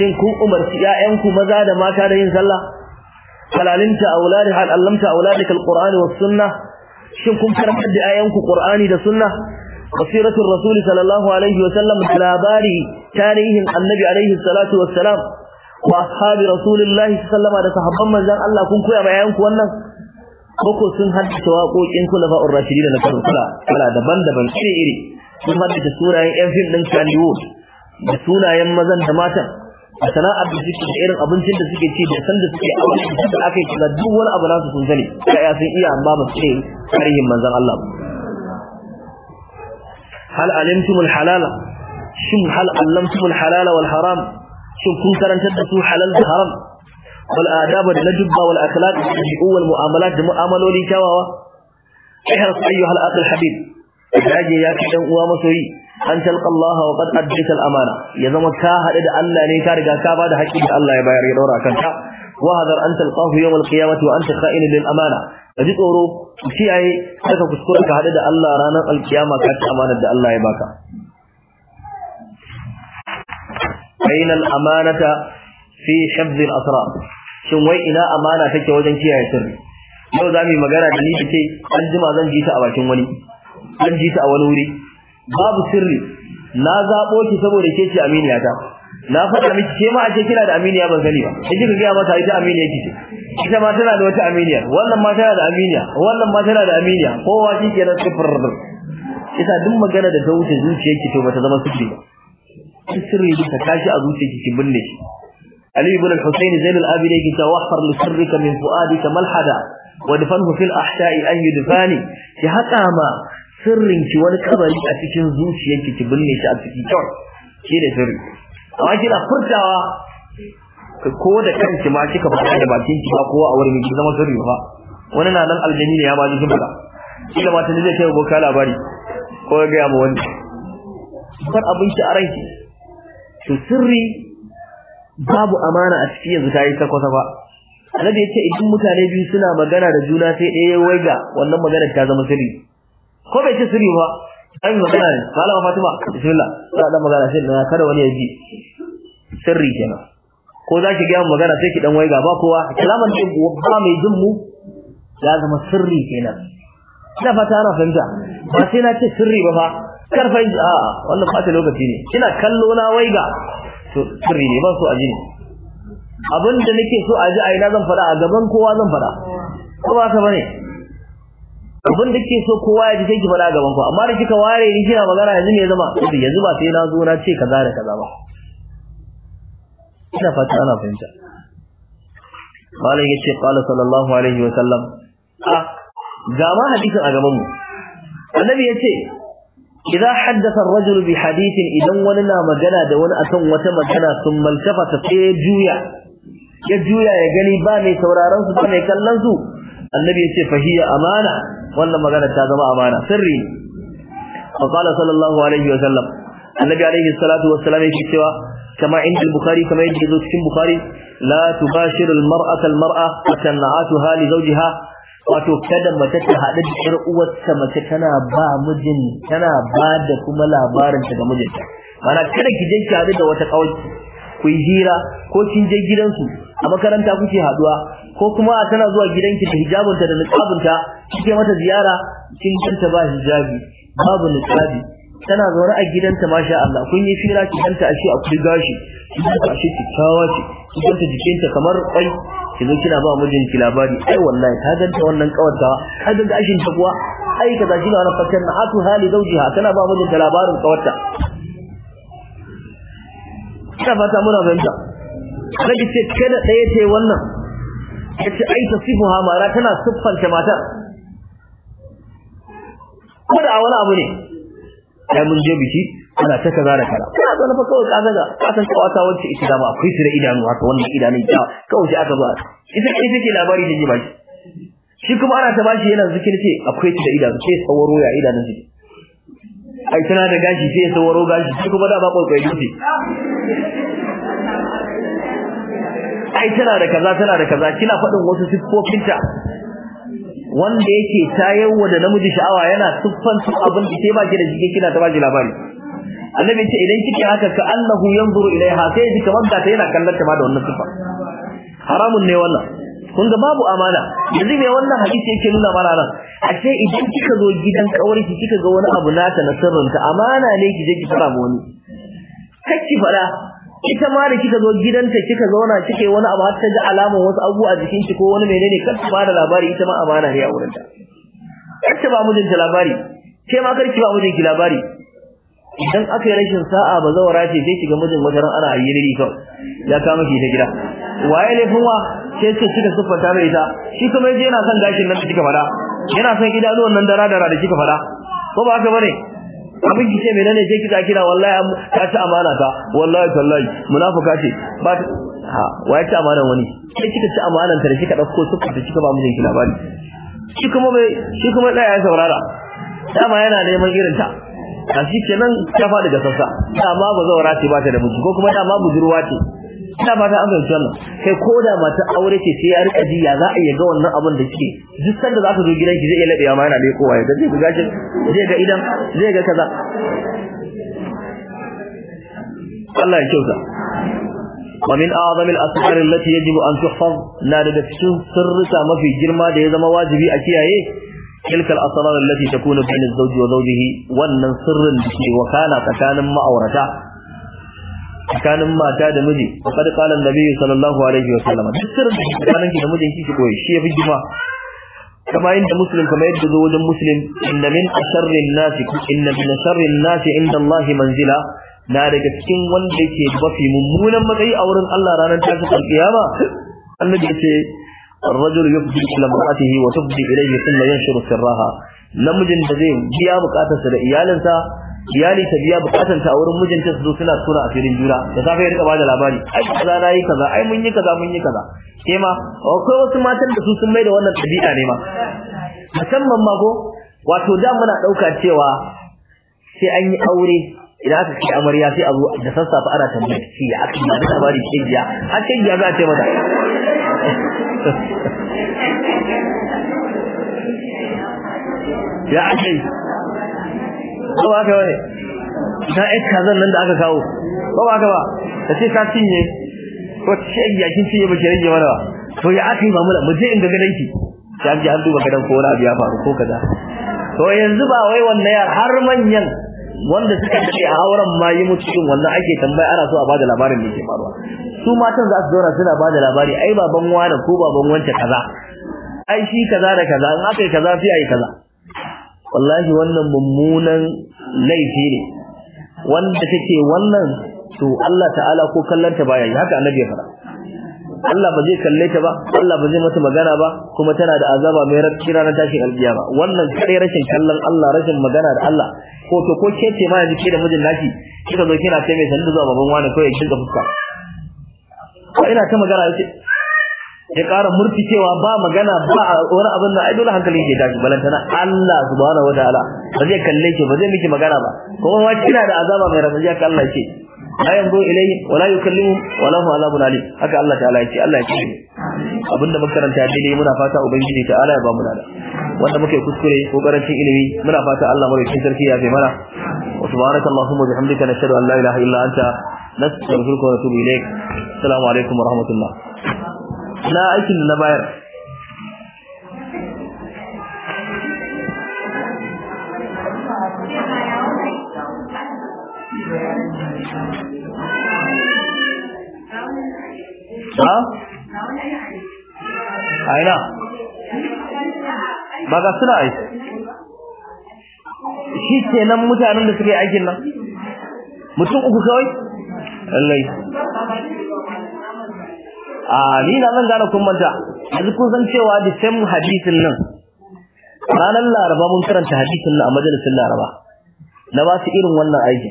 shin kun umarci ƴaƴanku maza da mata da yin sallah halalinta auladi hal allamta auladika al-qur'ana was-sunnah shin kun karantar da ayanku Qur'ani da Sunna basiratul rasul sallallahu alaihi wa sallam labari tarihin annabi alaihi salatu wassalam wa ashabi rasulillahi sallama da sahabban manzon Allah kun koya bayanku wannan boko sun haddace waƙoƙin kulafa'ur rashidin na karkula kala daban-daban iri-iri sun haddace sunayen yan fim din Kandiwo, da sunayen mazan da matan a sana'ar da suke da irin abincin da suke ci da san da suke a wani da aka yi kaza duk wani abu nasu sun sani ya sun iya amma ba su ce tarihin manzon Allah hal alimtum al halala shin hal allamtum al halala wal haram shin kun karantar da su halal da haram wal adab da najba wal akhlaq wal mu'amalat da mu'amaloli kyawawa ihras ayyuhal akh al habib da ya kai dan uwa masoyi an talqa Allah wa qad addayta al-amana ya zama ka hade da Allah ne ka riga ka bada haƙi da Allah ya bayar ya daura kanka wa hadar an talqahu yawm al-qiyamati wa anta kha'in lil-amana kaji tsoro kiyaye kada kuskura ka hade da Allah ranar al-qiyama ka ci amanar da Allah ya baka bain al-amanata fi hifz al-asrar shin wai ina amana take wajen kiyaye sirri yau za mu yi magana da ni take an jima zan ji ta a bakin wani an ji ta a wani wuri babu sirri na zabo shi saboda ke ce aminiya ta na faɗa miki ke ma a ce kina da aminiya ban sani ba in kika ga mata ita aminiya kike ita ma tana da wata aminiya wannan ma tana da aminiya wannan ma tana da aminiya kowa shi ke nan sifir ita duk magana da ta wuce zuciyarki to bata zama sirri ba sirri duka tashi a zuciyarki ki binne shi Ali ibn al-Husayn Zain al-Abidin ki ta wahfar li sirrika min fuadika malhada wa dafanhu fil ahsa'i an yudfani ma Sirrin ki wani kabari a cikin zuciyarki ki binne shi a ciki kyau ke da sirri amma kina furtawa ko da kanki ma kika faɗa da bakin ki ba kowa a wurin ki zama sirri ba wani na nan aljani ne ya ba jikin ba kila ma ta zai kai boka labari ko ya gaya mu wani kar abin ki a ranki to sirri babu amana a cikin yanzu tayi ta kwata ba annabi ce idan mutane biyu suna magana da juna sai ɗaya ya waiga wannan magana ta zama sirri ko bai ci sirri ba ai magana ne malama fatima bismillah za dan magana sai na kada wani ya ji sirri kenan ko za ki ga magana sai ki dan waiga ba kowa kalaman din ba mai jin mu ya zama sirri kenan ina fata ana fahimta ba sai na ce sirri ba fa fa a wannan fata lokaci ne kina kallo na waiga to sirri ne ba so a ji ne abin da nake so a ji a ina zan faɗa a gaban kowa zan faɗa ko ba ka bane abin da ke so kowa ya ji sai ki faɗa gaban ku amma da kika ware ni kina magana yanzu ne zama yanzu ba sai na zo na ce kaza da kaza ba ina fata ana fahimta malam yace qala sallallahu alaihi wa sallam a ga ma hadisin a gaban mu annabi yace idza haddatha ar-rajul bi hadithin idan wani na magana da wani akan wata magana sun maltafa ta juya ya juya ya gani ba mai sauraron su ba mai kallon su annabi yace fahiya amana wannan magana ta zama amana sirri fa qala sallallahu alaihi wa sallam annabi alaihi salatu wa salam yake cewa kama inda bukhari kama yadda zo cikin bukhari la tubashiru al-mar'ata al-mar'a li zawjiha wato kada mace ta haɗu da ƴar uwarta mace tana ba mijin tana ba da kuma labarin ta ga mijinta mana kada ki je ki haɗu da wata kawai ku yi hira ko kin je gidansu a makaranta kuke haɗuwa ko kuma tana zuwa gidanki da hijabinta da niqabinta kike mata ziyara kin ganta ba hijabi babu niqabi tana zaune a gidanta masha Allah kun yi fira ki ganta ashe a kudi gashi kin ashe kikkawa ce kin ganta jikinta kamar kwai ki zo kina ba mijinki labari ai wallahi ta ganta wannan kawarta ka ganta ashin ta kuwa ai kaza shi na fakkan na atu hali zawjiha tana ba mijinta labarin kawarta ina fata muna fahimta kada ki ce kada ɗaya ce wannan yace ai tasifu ha mara tana siffanta matar ko da wani abu ne ai mun je biki ana ta kaza da kaza ina zo na fa kawai kaza ga ka san cewa ta wacce ita da ba akwai su da idanu haka wannan idanun ta kawai sai aka zo ita ce take labari da baki shi kuma ana ta bashi yana zikiri ce akwai ta idanu sai sawaro ya idanun shi ai tana da gashi sai sawaro gashi shi kuma da ba kokari dutse ai tana da kaza tana da kaza kina faɗin wasu siffofinta wanda yake tayarwa da namiji sha'awa yana siffan su abin da ke ba ki da shi kina ta ba ki labari annabi ce idan kike haka ka annahu yanzuru ilaiha sai ji kamar da ta yana kallon ta ma da wannan siffa haramun ne wannan kun ga babu amana yanzu me wannan hadisi yake nuna mana nan ashe idan kika zo gidan kawarki kika ga wani abu nata na sirrinta amana ne ki je ki fara wani kake fara ita ma da kika zo gidanta kika zauna kike wani abu har ta ji alaman wasu abu a jikin ki ko wani menene kar ki bada labari ita ma amana ne a wurin ta kar ki ba mijinta labari ke ma kar ki ba mijinki labari idan aka yi rashin sa'a ba zawa ce sai kiga mijin wata ran ana ayyana ni ya kama ki ta gida waye laifin wa Ke ce kika siffanta mai ita shi kuma yana son gashin nan da kika fada yana son idanuwan nan dara dara da kika fada ko ba haka bane abin ki ce menene sai kika kira wallahi ta ci amana ta wallahi tallahi munafuka ce ba ha waye ci amanan wani sai kika ci amanan ta da kika dauko suka ta kika ba mu jinki labari shi kuma bai shi kuma tsaya ya saurara dama yana neman irin ta a shi kenan ta faɗi ga sassa dama ba zaura ce ba ta da mutu ko kuma dama budurwa ce ina fata an fahimci wannan kai ko da mata aure ce sai ya rika jiya ya za a iya ga wannan abin da kike duk sanda za ka zo gidan ki zai iya labewa ma yana lekowa ya ga zai ga shi zai ga idan zai ga kaza Allah ya kyauta ومن أعظم الأسرار التي يجب أن تحفظ نادد سر ما في جرما ده زما واجبي أكياي تلك الأسرار التي تكون بين الزوج وزوجه وأن سر وكان تكان ما أورثه tsakanin mata da miji faqad qala an-nabi sallallahu alaihi wa sallam duk sirrin da tsakanin ki da mijin ki ki koyi shi yafi jima kama inda muslim kama yadda zo wajen muslim inna min asharri an-nas inna min asharri an-nas inda Allah manzila na daga cikin wanda yake bafi mummunan matsayi a wurin Allah ranar tashin alkiyama annabi ya ce الرجل يفضي إلى امرأته وتفضي إليه ثم ينشر سرها namijin da zai biya bukatarsa da iyalinsa iyali ta biya bukatun ta a wurin mijinta su zo suna tura a filin juna da safe ya rika bada labari ai kaza na yi kaza ai mun yi kaza mun yi kaza ke ma akwai wasu matan da su sun mai da wannan tabi'a ne ma musamman ma ko wato da muna ɗauka cewa sai an yi aure idan aka ci amarya sai a zo da sassafe ana tambayar shi ya aka ba da labari kingiya har kingiya za a ce mata ya ake ko ba ka bane da ai kazan nan da aka kawo ko ba ka ba ta ce ka cinye ko ce ya kin cinye ba ki rage mana to ya aka yi mamula mu je in ga gadanki ya ji an duba gadan ko wani ya faru ko kaza to yanzu ba wai wannan yar har manyan wanda suka ce a auren ma yi mutu din wannan ake tambaya ana so a bada labarin da yake faruwa su matan za su zauna suna bada labari ai baban wani ko baban wancan kaza ai shi kaza da kaza in aka yi kaza sai ai kaza wallahi wannan mummunan laifi ne wanda take wannan to Allah ta'ala ko kallanta baya yi haka annabi ya fara Allah ba zai kalle ta ba Allah ba zai mata magana ba kuma tana da azaba mai rakkira na tashin ba. wannan kare rashin kallon Allah rashin magana da Allah ko to ko ke ce ma yanzu ke da mijin naki kika zo kina ce mai sanin zuwa babban wani kawai kin da fuska ko ina ta magana yace ya ƙara murtikewa ba magana ba wani abin da ai dole hankali ke tashi balantana Allah subhanahu wataala ba zai kalle ki ba zai miki magana ba kuma ma kina da azaba mai jiya ka Allah yake la yanzu ilayhi wa la yukallimu wa lahu azabun alim haka Allah ta'ala yake Allah yake abinda karanta dai muna fata ubangiji ta'ala ya ba mu nada wanda muke kuskure ko karancin ilimi muna fata Allah mu rike sarki ya bai mana wa subhanaka allahumma bihamdika nashhadu an la ilaha illa anta nastaghfiruka wa natubu ilayk assalamu alaikum wa rahmatullah na aikin da na bayar ha aina ba ga suna aiki shi nan mutanen da suke aikin nan mutum uku kawai allai a ni na zan gane kun manta yanzu kun san cewa da same hadisin nan ranar laraba mun karanta hadisin nan a majalisin laraba na ba su irin wannan aiki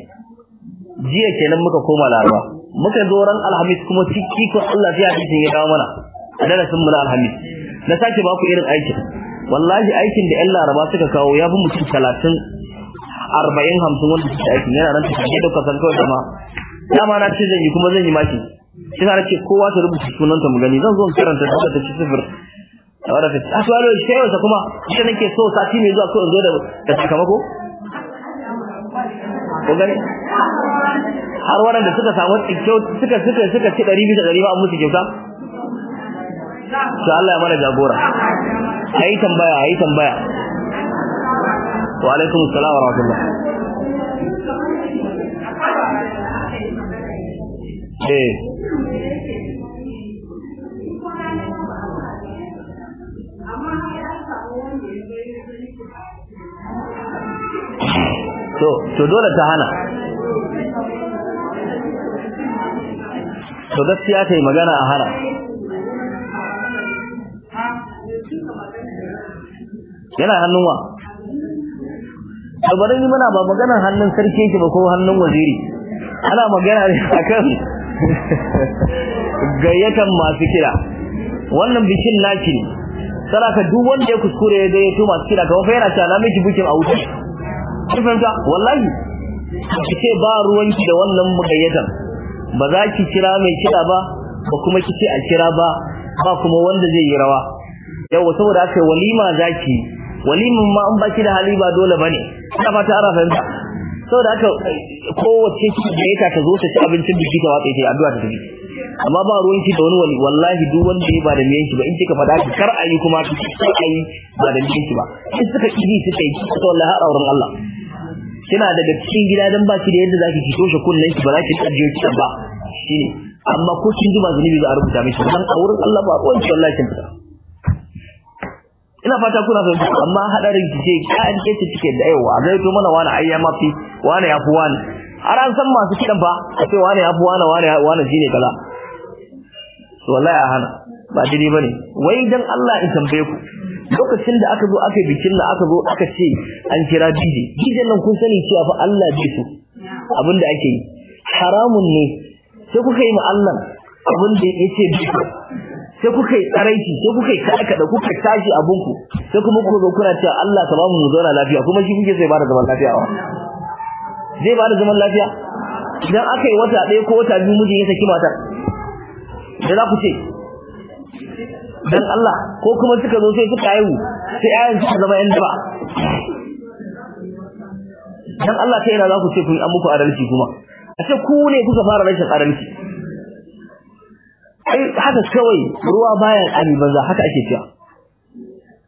jiya kenan muka koma laraba muka zo ran alhamis kuma ciki ko Allah ya hadisin ya dawo mana a darasin sun na alhamis na sake ba ku irin aikin wallahi aikin da 'yan laraba suka kawo ya fi mutum talatin arba'in hamsin wanda suke aikin yana nan tafiye da kasan kawai dama dama na ce zan yi kuma zan yi maki shi na ce kowa ta rubuta sunanta mu gani zan zo in karanta da ta ci sifir a wadda ta ci asu ah, alo shi yawansa kuma ita nake so sati mai zuwa so in zo da sakamako ko gani har waɗanda suka samu kyau suka suka suka ci ɗari bisa ɗari ba a musu kyauta to Allah ya mana jagora a yi tambaya a yi tambaya wa alaikum salawa wa rahmatullah Hey. Eh. to to dole ta hana to gaskiya ta yi magana a hana yana hannun wa albarin muna ba maganar hannun sarki ki ba ko hannun waziri ana magana ne akan gayyatan masu kira wannan bikin naki ne ka duk wanda ya kuskure ya gayyato masu kira kawai fa yana cewa na miki bikin a wuce. kun wallahi ki ce ba ruwanki da wannan mugayyadan ba za ki kira mai kira ba ba kuma ki ce a kira ba ba kuma wanda zai yi rawa yawa saboda aka walima zaki walimin ma an baki da hali ba dole bane ina fata ana fahimta saboda aka kowace ki gayyata ta zo ta ci abincin biki ta watsa ta addu'a ta tafi amma ba ruwan ki da wani wali wallahi duk wanda ya ba da miyanki ba in kika fada ki kar ayi kuma ki kar ayi ba da miyanki ba in suka kiji suka yi ta wallahi har auren Allah kina daga cikin gida dan baki da yadda zaki ki toshe kullun ki ba za ki tsaje ki ba shine amma ko kin ji ba zunubi ba a rubuta miki dan a wurin Allah ba wani wallahi kin ta ina fata kuna fahimta amma hadarin ki ce ka an ke cike da yawa zai to mana wani ayya mafi wani ya fi wani har an san masu kidan ba sai wani ya fi wani wani wani shine kaza to wallahi a hana ba daidai bane wai dan Allah in tambaye ku lokacin da aka zo aka yi bikin nan aka zo aka ce an kira DJ DJ nan kun sani cewa fa Allah bai su abin da ake yi haramun ne sai kuka yi ma Allah abin da ce bi su. sai kuka yi tsaraiki sai kuka yi kada kuka tashi abun ku sai kuma ku zo kuna cewa Allah ta ba mu zauna lafiya kuma shi kuke sai ba da zaman lafiya wa zai ba da zaman lafiya idan aka yi wata ɗaya ko wata biyu mijin ya saki matar da za ku ce dan Allah ko kuma suka zo sai suka haihu sai ayan suka zama yan daba dan Allah sai ina za ku ce kun an muku adalci kuma a ce ku ne kuka fara rashin adalci ai haka kawai ruwa bayan ani banza haka ake cewa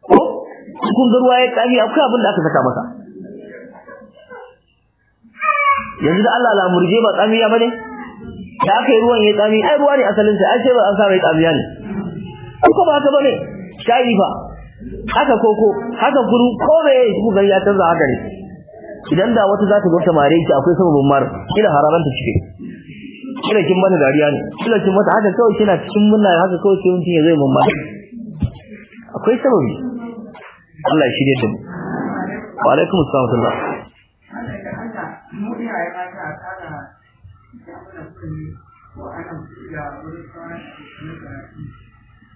ko kun da ruwa ya kami akwai abin da aka saka masa yanzu da Allah la murje ba tsamiya bane da aka yi ruwan ya tsami ai ruwa ne asalin sa ai sai ba an sa mai tsamiya ne ko ba ta bane shayi ba haka koko haka guru ko me ku gari ya canza haka ne idan da wata za ta zo mare, ki akwai sababin mar kila hararanta cike kila kin mata dariya ne kila kin mata haka kawai kina cikin munna haka kawai kin mutun ya zai mun mar akwai sababi Allah ya shirye da mu wa alaikum assalam wa rahmatullah ana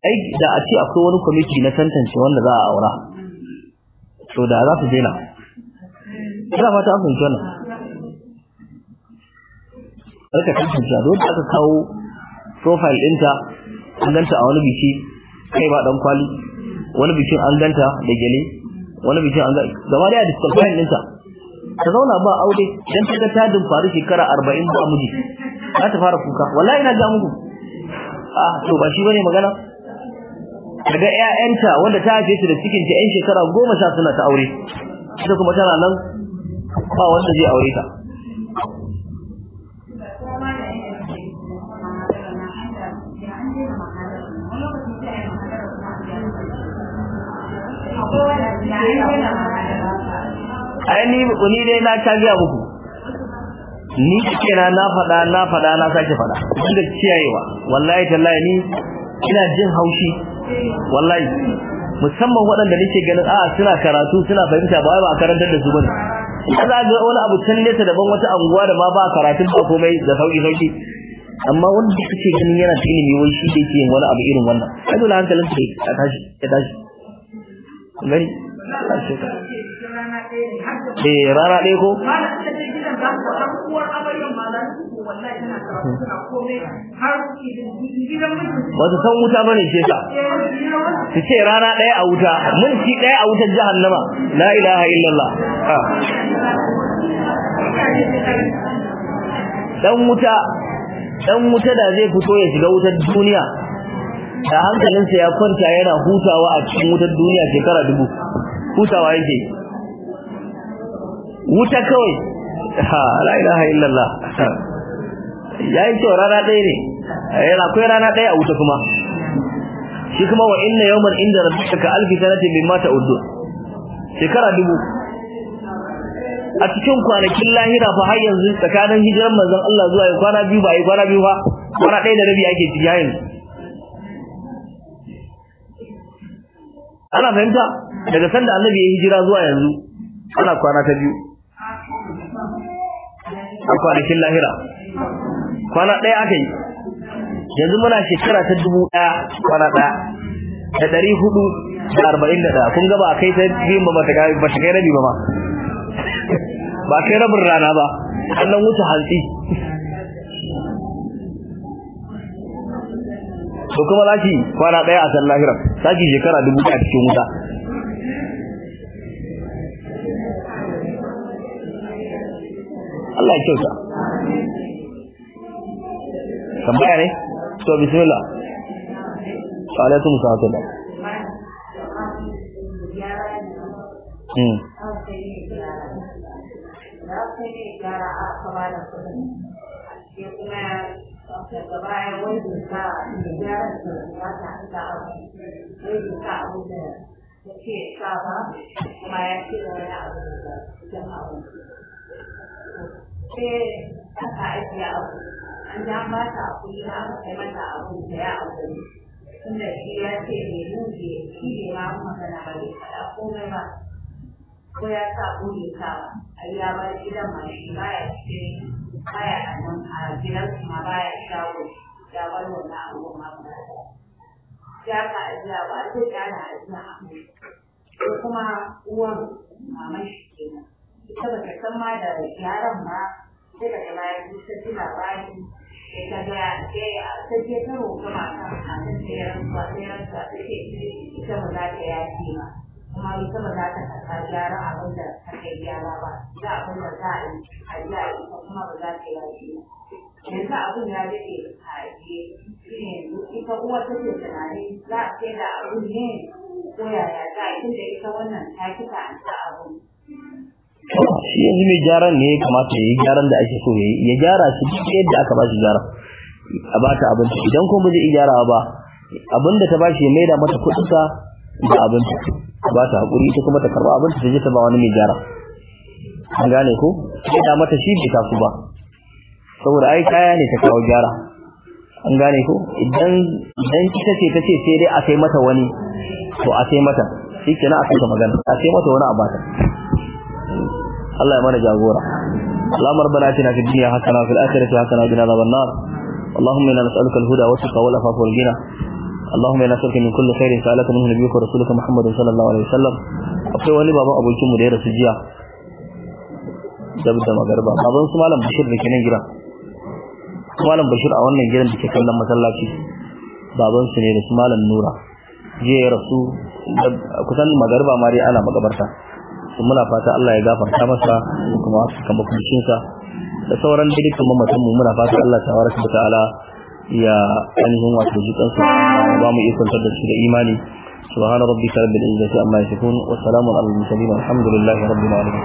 ai da a ce akwai wani kwamiti na tantance wanda za a aura to da za su daina ina fata an fahimci wannan ka tantance don da aka kawo profile ɗinta an ganta a wani biki kai ba dan kwali wani bikin an ganta da gele wani bikin an ganta gaba da disqualifying ɗinta ta zauna ba aure don ta ga ta dumfari shekara arba'in ba miji za ta fara kuka wallahi ina ga muku a ah, to ba shi bane magana daga ƴaƴanta wanda ta haife shi da cikin ta ƴan shekara goma sha suna ta aure ita kuma tana nan ba wanda zai aure ta ainihin ni dai na ta gaya muku ni kira na faɗa na faɗa na sake faɗa duk da ciyayewa, wallahi tallahi ni ina jin haushi wallahi musamman waɗanda nake ganin a'a suna karatu suna fahimta ba wai ba karantar da su bane za ga wani abu can nesa daban wata anguwa da ma ba karatu ba komai da sauki sauki amma wanda suke ganin yana da ilimi wai shi da yake yin wani abu irin wannan ai dole hankalin su ya tashi ya tashi eh rana ɗaya ko ba su san wuta ba ne ta su ce rana ɗaya a wuta mun ci ɗaya a wutar jihannama. la ilaha illallah Ɗan ah. wuta dan wuta da zai fito ya shiga wutar duniya da hankalinsa ya kwanta yana hutawa a cikin wutar duniya shekara dubu hutawa yake wuta kawai ha la ilaha illallah yayi to rana ɗaya ne yana kai rana ɗaya a wuta kuma shi kuma wa inna yawman inda rabbuka alfi sanati mimma ta'udun shekara dubu a cikin kwanakin lahira fa har yanzu tsakanin hijiran manzon Allah zuwa kwana biyu ba yi kwana biyu ba kwana ɗaya da rabi ake ciki yayin ana fahimta daga sanda annabi ya hijira zuwa yanzu ana kwana ta biyu a kwanakin lahira kwana ɗaya aka yi yanzu muna shekara ta dubu ɗaya kwana ɗaya da ɗari hudu da arba'in da ɗaya kun gaba a kai ta biyun ba ba ta kai rabi ba ma ba kai rabin rana ba annan wuce hantsi to kuma zaki kwana daya a san lahira zaki shekara dubu a cikin wuta Allah ya kyauta tambaya ne to bismillah wa alaikum salam hmm Thank ကိုယ်ရတာဘူးရတာအရာပါရှိတယ်မှာရှိပါရဲ့ baya a nan a gidansu ma baya shago ya bar wannan abubuwan ma guda ɗaya ya ka ajiya ba a ce ya na ajiya a mai ko kuma uwan maman shi kenan ita ba ta san ma da yaron ba sai daga baya duk ta ji labari sai ta ga ke ta je ta roƙi matan a kan tseren zuwa tseren zuwa ta ce ita ba za ta yafe ma. kuma ita ba za ta karɓa gyara abin da ta kai gyara ba da abin da za a yi a yi a ita kuma ba za ta yi a yi. yanzu abin ya daɗe a ajiye shi yanzu ita uwa ta ce tunani, za a ce da abin ne ko yaya za a yi da ita wannan ta kika a sa abin. shi yanzu mai gyaran ne ya kamata ya yi gyaran da ake so ya gyara shi duk yadda aka ba shi gyara a ba ta abinci idan kuma ba zai gyara ba abin da ta ba shi ya maida mata kuɗinsa da abinci ba ta hakuri ita kuma ta karba abin ta je ta ba wani mai gyara an gane ko sai da mata shi bai tasu ba saboda ai kaya ne ta kawo gyara an gane ko idan idan kika ce ta ce sai dai a kai mata wani to a kai mata shi kenan a kai magana a kai mata wani a bata Allah ya mana jagora اللهم ربنا اتنا في الدنيا حسنه وفي الاخره حسنه وقنا عذاب النار اللهم انا نسالك الهدى والتقى والعفاف والغنى اللهم انا نسالك من كل خير سالك منه نبيك ورسولك محمد صلى الله عليه وسلم akwai wani baban abokin mu da ya rasu jiya da da magarba baban su malam bashir da ke nan gidan su malam bashir a wannan gidan da ke kallon masallaci baban su ne da su malam nura jiya ya rasu kusan magarba ma dai ana magabarta su muna fata Allah ya gafarta masa kuma kamar kuncin da sauran dukkan mamatan mu muna fata Allah tabaraka wa ta'ala ya ainihin wato jikansu ba mu iya kwantar da su da imani subhana rabbika rabbil izzati amma yasifun wa salamun alal mursalin alhamdulillahi rabbil alamin